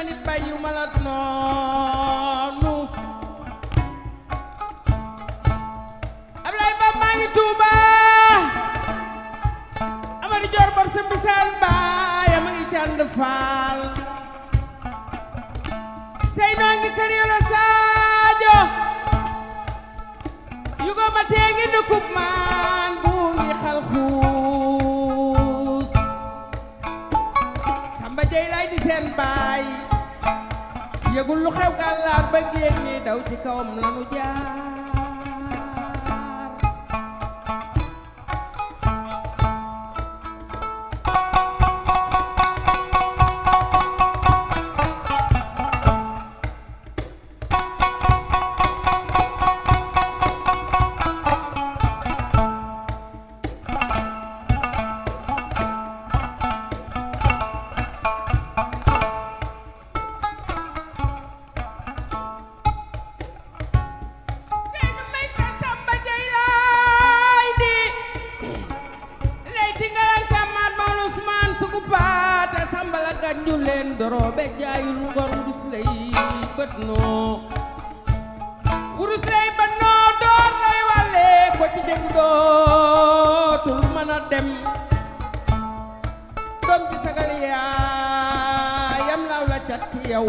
ma nit bàyyi maa ngi Touba Amady Dior Bor sa bisaan baay ma ngi cànd faal sey noo kër yoro Sadio yugo ma tee ngi nukub maa yëgul lu xew gàllaar ba géej gi daw ci kawam lanu jaar ñu leen doroobe jaayul ngor wurus lay bët noo wurus lay bët noo door lay wàlle ko ci jëng dootul mën a dem doom ci sagal yaayam laaw la cat ci yow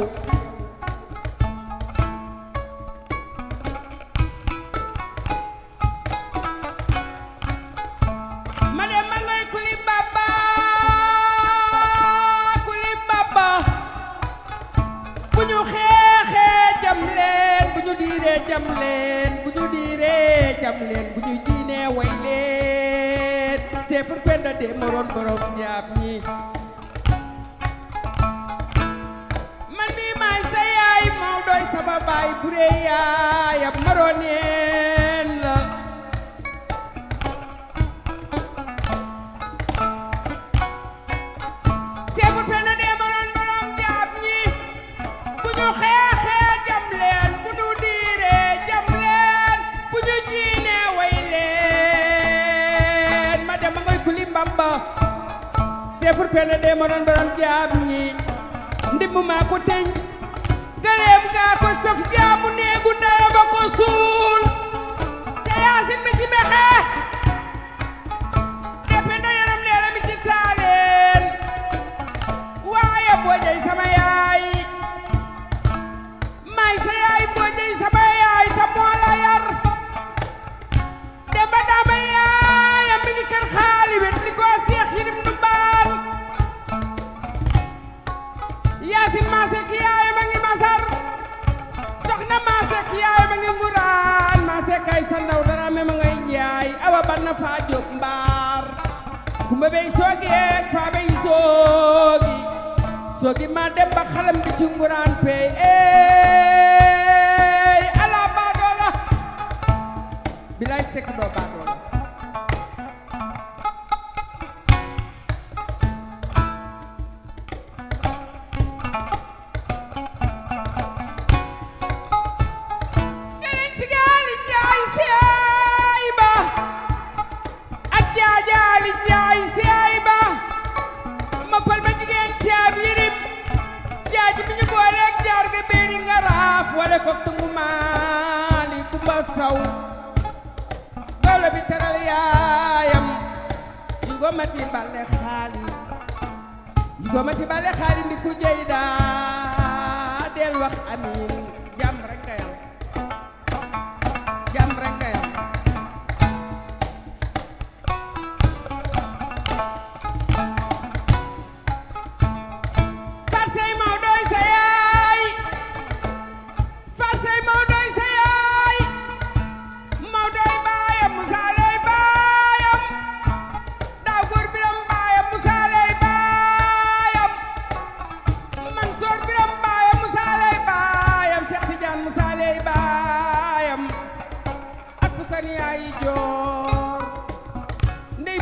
jam leen bu ñu diiree jam leen moroon borom la furpeene de moron borom jaam ñi ndimb maa ko teñ galeem gaa ko saf jaamu néegu dara ba ko suuf ma nga nguraan maa sekkaay sa dara me ma ngay njaay awa ban na faa jóg mbaar kumba bey soogi faa bey soogi soogi maa dem xalam bi ci nguraan pey eey eh, alaa baa gomati balle xaali gomati balle xaali ndi ku jeyda del wax amin jàmm rek ka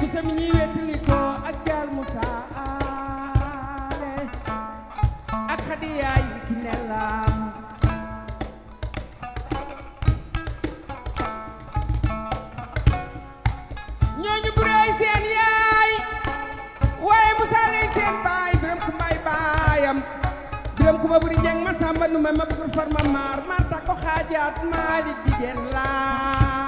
buusa mi ñuy seen yaay waaye Moussa seen baay biram ku may baayam biram ku ma buri jeng ma sàmba nu ma ma bugur far ma maar maar ta ko xaajaat maalik jigéen laa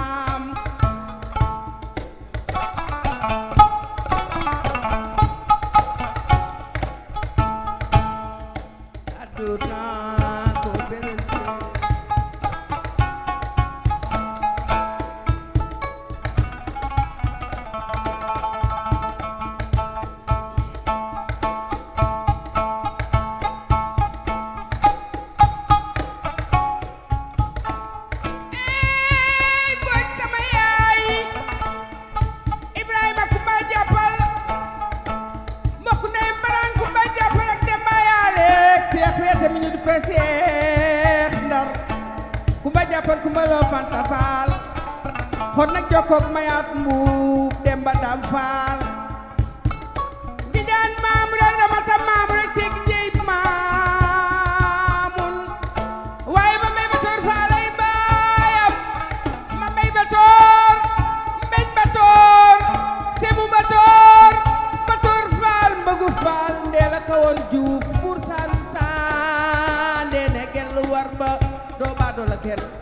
la Fanta Faal kon nag jokkoog mayaat mbuub dem ba dam faal di maam rek dama tam maam rek teg njëy maamun waaye ma mbay ba toor faalay baayam ma mbay ba toor mbeñ ba toor sebu ba toor ba toor faal mbagu faal ndeela kawoon juuf buur saan saan ndeene gel war ba doo baa doo